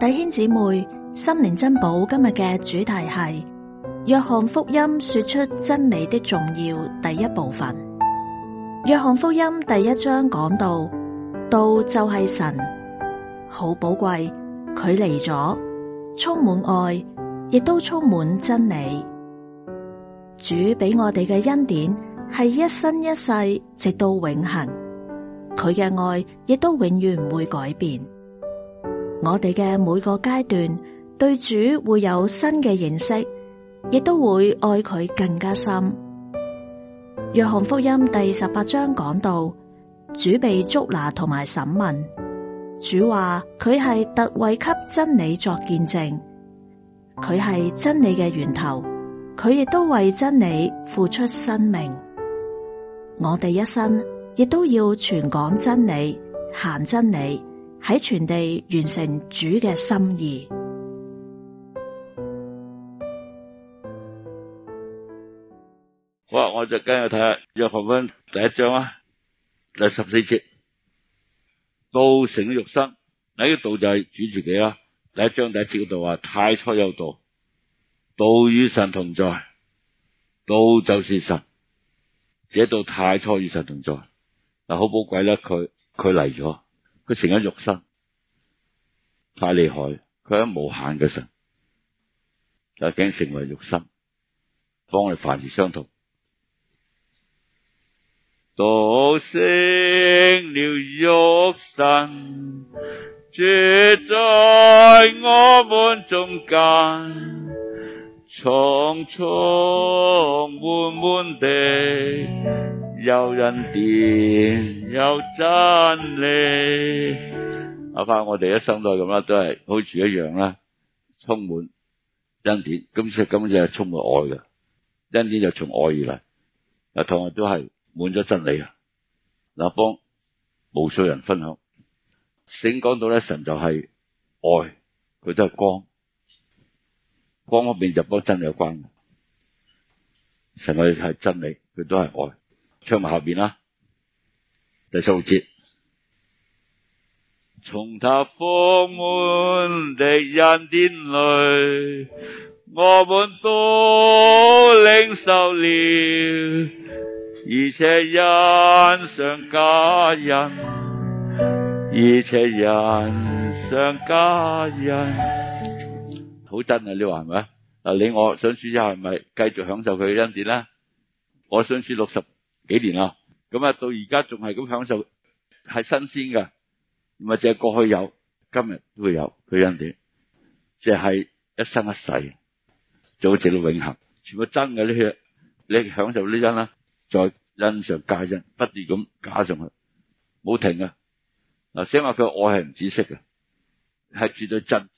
弟兄姊妹，心靈珍寶，今日嘅主題係《約翰福音》說出真理的重要第一部分。《約翰福音》第一章講到，道就係神，好寶貴，佢嚟咗，充滿愛，亦都充滿真理。主俾我哋嘅恩典係一生一世，直到永恒。佢嘅愛亦都永遠唔會改變。我哋嘅每個階段，對主會有新嘅認識，亦都會愛佢更加深。約翰福音第十八章講到，主被捉拿同埋審問，主話佢係特為給真理作見證，佢係真理嘅源頭，佢亦都為真理付出生命。我哋一生亦都要傳講真理、行真理。喺全地完成主嘅心意。好啊，我就跟住睇下約翰福音第一章啊，第十四節，道成肉身，一道就係主自己啦，啊。第一章第一節嗰度話，太初有道，道與神同在，道就是神，這道太初與神同在嗱，好寶貴啦，佢佢嚟咗。佢成咗肉身，太厲害！佢係無限嘅神，就竟成為肉身，幫佢凡事相同，道成了肉身，住在我們中間，充充滿滿的。有恩典，有真理。阿伯，我哋一生都係咁啦，都係好似一樣啦，充滿恩典。咁即係根本就係充滿愛嘅，恩典就從愛而嚟。阿同學啊，都係滿咗真理啊，嗱，幫無數人分享。醒講到咧，神就係愛，佢都係光，光嗰邊就幫真理有關嘅。神係係真理，佢都係愛。唱埋下邊啦，第四節，從他豐滿的恩典裏，我們都領受了，而且恩上加恩，而且恩上加恩，好真啊！你話係咪？嗱，你我想試下，係咪繼續享受佢嘅恩典啦？我想試六十。幾年啦，咁啊到而家仲係咁享受，係新鮮噶，唔係淨係過去有，今日都會有佢恩典，即係、就是、一生一世，好直到永恆，全部真嘅呢？血、這個，你享受呢恩啦，再恩上加恩，不斷咁加上去，冇停啊！嗱，先話佢愛係唔止息嘅，係絕對真。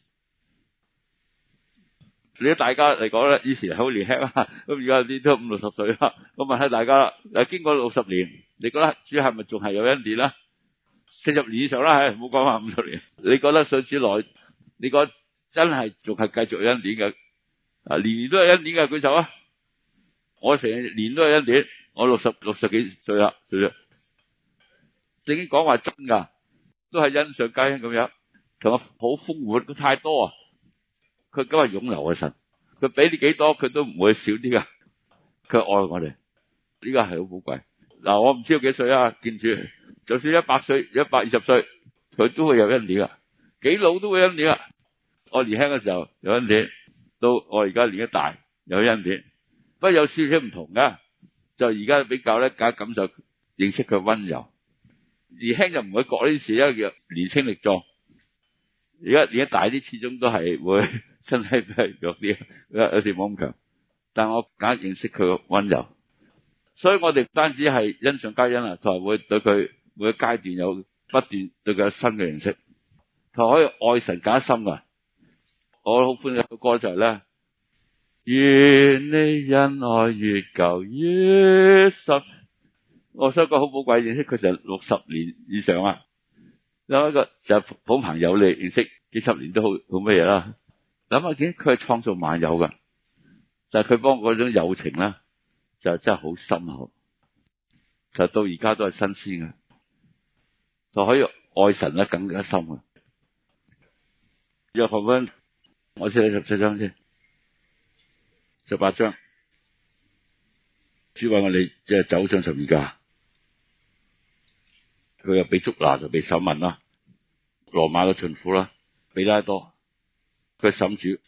你大家嚟講咧，以前好年輕，咁而家啲都五六十歲啦。我問下大家啦，經過六十年，你覺得主要係咪仲係有恩典啦？四十年以上啦，係冇講話五十年。你覺得上次來，你覺得真係仲係繼續有恩典嘅？啊，年年都有恩典嘅，舉手啊！我成年都有恩典，我六十六十幾歲啦，歲月正經講話真噶，都係恩上加恩咁樣，同埋好豐滿，太多啊！佢今日湧流嘅神，佢俾你幾多，佢都唔會少啲噶。佢愛我哋，呢個係好寶貴。嗱，我唔知幾歲啊？見住就算一百歲、一百二十歲，佢都會有恩典啊。幾老都會有恩典啊。我年輕嘅時候有恩典，到我而家年紀大有恩典，不過有少少唔同噶。就而家比較咧，梗係感受認識佢溫柔。年輕就唔會講呢啲事，因為叫年輕力壯。而家年紀大啲，始終都係會。真係比弱啲，有有啲冇咁強，但我更加認識佢嘅溫柔，所以我哋唔單止係恩上加恩啦，才會對佢每個階段有不斷對佢有新嘅認識，才可以愛神加深噶。我好歡喜嘅歌就係、是、咧，越你恩愛越舊越深。我想講好寶貴認識佢成六十年以上啊，有一個就係捧朋友你，認識幾十年都好好乜嘢啦。諗下佢係創造萬有㗎。但係佢幫嗰種友情咧，就真係好深厚，就到而家都係新鮮嘅，就可以愛神咧更加深嘅。約翰福音我寫咗十七章先，十八章，主話我哋即係走上十字架，佢又俾捉拿，就俾審問啦，羅馬嘅巡撫啦，彼拉多。佢審主，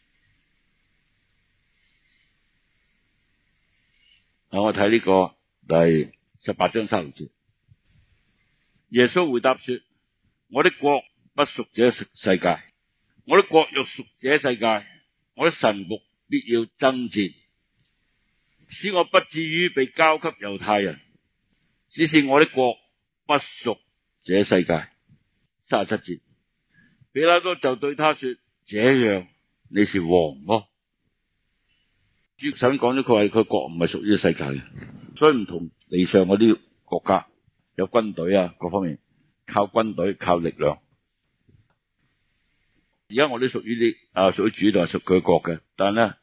我睇呢個第十八章三六節，耶穌回答說：我的國不屬這世界，我的國若屬這世界，我的臣僕必要爭戰，使我不至於被交給猶太人。只是我的國不屬這世界。三十七節，彼拉多就對他說。這樣你是王咯、啊。主神講咗，佢話佢國唔係屬於世界嘅，所以唔同地上嗰啲國家有軍隊啊，各方面靠軍隊靠力量。而家我哋屬於啲啊，屬於主就係屬佢嘅國嘅，但係咧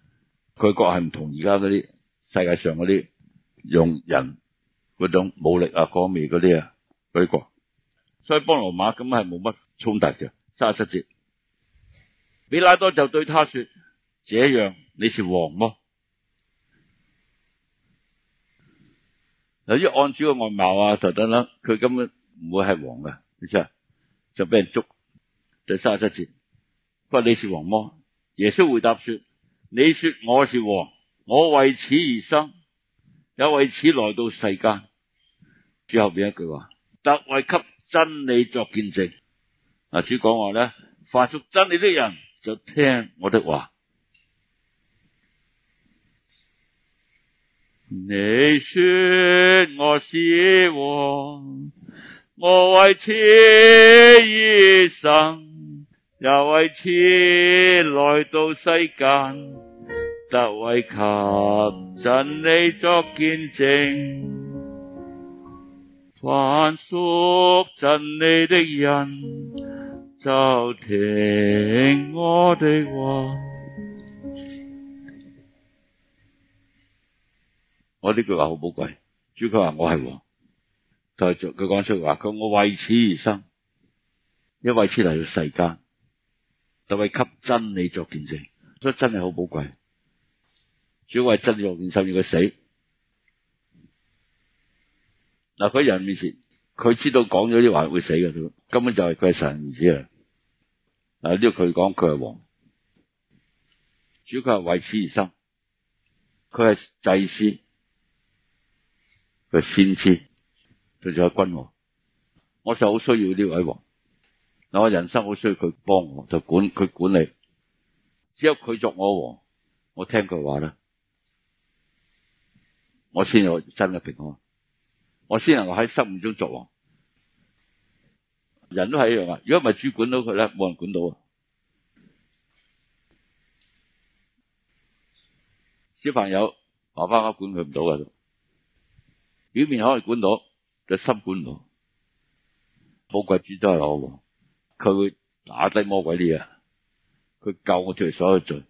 佢嘅國係唔同而家嗰啲世界上嗰啲用人嗰種武力啊，方面嗰啲啊嗰啲國。所以波羅馬咁係冇乜衝突嘅，三十七節。彼拉多就對他說：這樣你是王麼？由於按照個外貌啊，等等，佢根本唔會係王嘅，於是就俾人捉。第三十七節，佢話你是王麼？耶穌回答說：你說我是王，我為此而生，也為此來到世間。最後邊一句話，特為給真理作見證。主講話咧，凡屬真理的人。就聽我的話。你說我是王，我為此而生，又為此來到世間，特為給真理作見證，凡屬真理的人。就聽我哋話，我呢句話好寶貴。主佢話我係王，就係佢講出句話佢，我為此而生，因為為此嚟到世間，就為給真理作見證，所以真係好寶貴。主要係真理作見證而個死，嗱，佢人面前，佢知道講咗啲話會死嘅，根本就係佢係神兒子啊。嗱，呢個佢講佢係王，主要佢係為此而生，佢係祭司，佢係先知，佢仲有君王。我就好需要呢位王，我人生好需要佢幫我，就管佢管理，只有佢做我王，我聽佢話啦，我先有真嘅平安，我先能夠喺生活中做王。人都係一樣啊！如果唔係主管到佢咧，冇人管到。小朋友，爸爸媽媽管佢唔到噶，表面可以管到，但心管唔到。魔鬼主都係我，佢會打低魔鬼啲啊！佢救我脫除所有罪，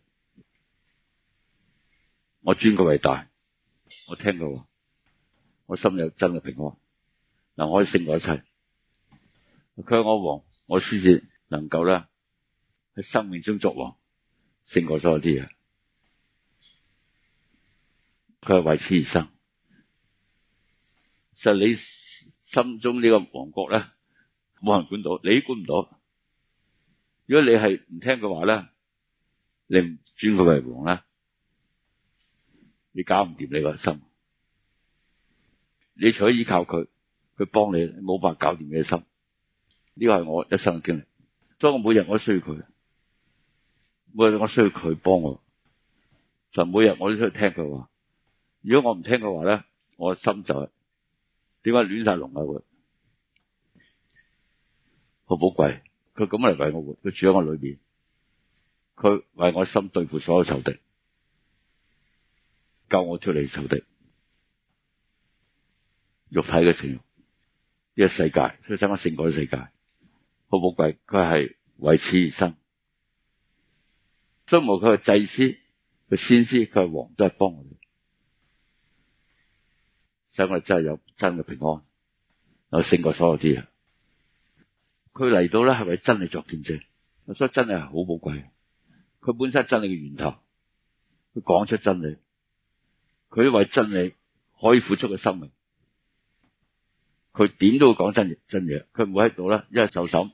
我尊佢為大。我聽過，我心有真嘅平安，嗱，我可以勝過一切。佢係我王，我先至能夠咧喺生命中作王，勝過咗啲啊！佢係為此而生，就你心中呢個王國咧，冇人管到，你也管唔到。如果你係唔聽佢話咧，你唔尊佢為王咧，你搞唔掂你個心。你除咗依靠佢，佢幫你，冇法搞掂你嘅心。呢個係我一生嘅經歷，所以我每日我都需要佢，每日我需要佢幫我，就每日我都需要聽佢話。如果我唔聽佢話咧，我嘅心就係、是，點解亂晒龍啊？會好寶貴，佢咁嚟為我活，佢住喺我裏邊，佢為我心對付所有仇敵，救我出嚟仇敵，肉體嘅情欲，呢、這個世界，所以生我成個世界。好寶貴，佢係為此而生，無論佢係祭司、佢先師，佢係王都係幫我哋，所以我哋真係有真嘅平安，有勝過所有啲嘢。佢嚟到咧係為真理作見證，所以真係好寶貴。佢本身係真理嘅源頭，佢講出真理，佢為真理可以付出嘅生命，佢點都會講真嘢，真嘢。佢唔會喺度咧，因為受審。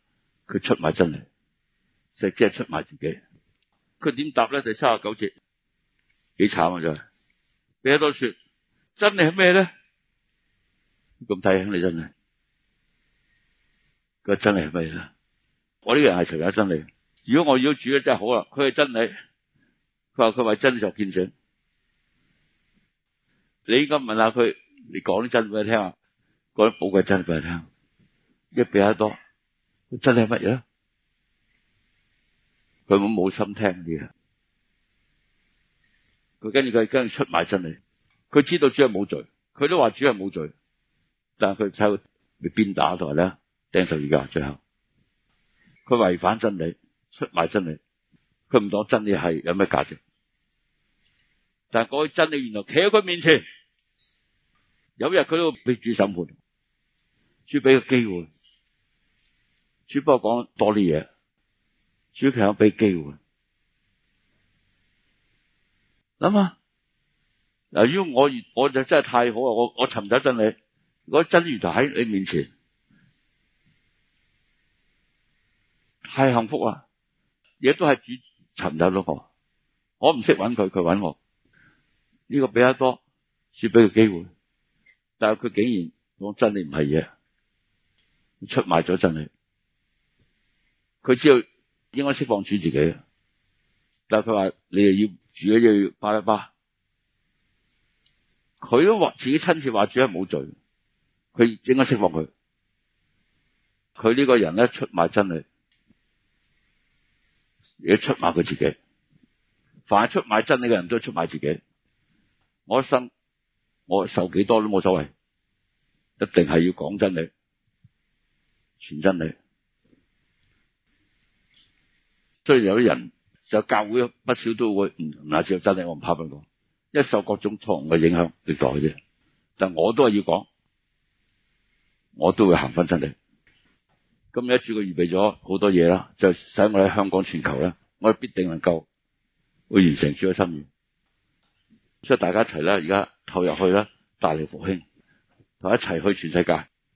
佢出賣真理，實即係出賣自己。佢點答咧？第三十九節，幾慘啊！真係，彼拉多說，真理係咩咧？咁睇啊！你真理，佢話真理係咩呢？我呢個人係除咗真理。如果我要主嘅真係好啦。佢係真理，佢話佢話真作見證。你依家問下佢，你講啲真俾佢聽啊，講啲寶貴真俾佢聽，一比得多。真理係乜嘢？佢冇冇心聽啲嘢。佢跟住佢跟住出賣真理。佢知道主係冇罪，佢都話主係冇罪。但係佢抽你鞭打同埋咧，釘十字架，最後佢違反真理，出賣真理。佢唔當真理係有咩價值。但係嗰個真理原來企喺佢面前，有一日佢都會俾主審判。主俾個機會。只不過講多啲嘢，主強俾機會。諗下，嗱，如果我我就真係太好啊！我我尋找真理，如果真如就喺你面前，太幸福呀，嘢都係主尋找咗個，我唔識揾佢，佢揾我。呢、這個比較多，主俾佢機會，但係佢竟然講：「真理唔係嘢，出賣咗真理。佢知道應該釋放主自己，但係佢話你又要住一日要巴拉巴，佢都話自己親自話主係冇罪，佢應該釋放佢。佢呢個人咧出賣真理，而家出賣佢自己，凡係出賣真理嘅人都出賣自己。我一生我受幾多都冇所謂，一定係要講真理，全真理。雖然有啲人就教會不少都會嗯嗱，只有真理我唔怕噉講，一受各種錯誤嘅影響，你改啫。但我都係要講，我都會行翻真理。今日主佢預備咗好多嘢啦，就使我喺香港、全球咧，我必定能夠會完成主嘅心願。所以大家一齊啦，而家投入去啦，大力復興，同一齊去全世界。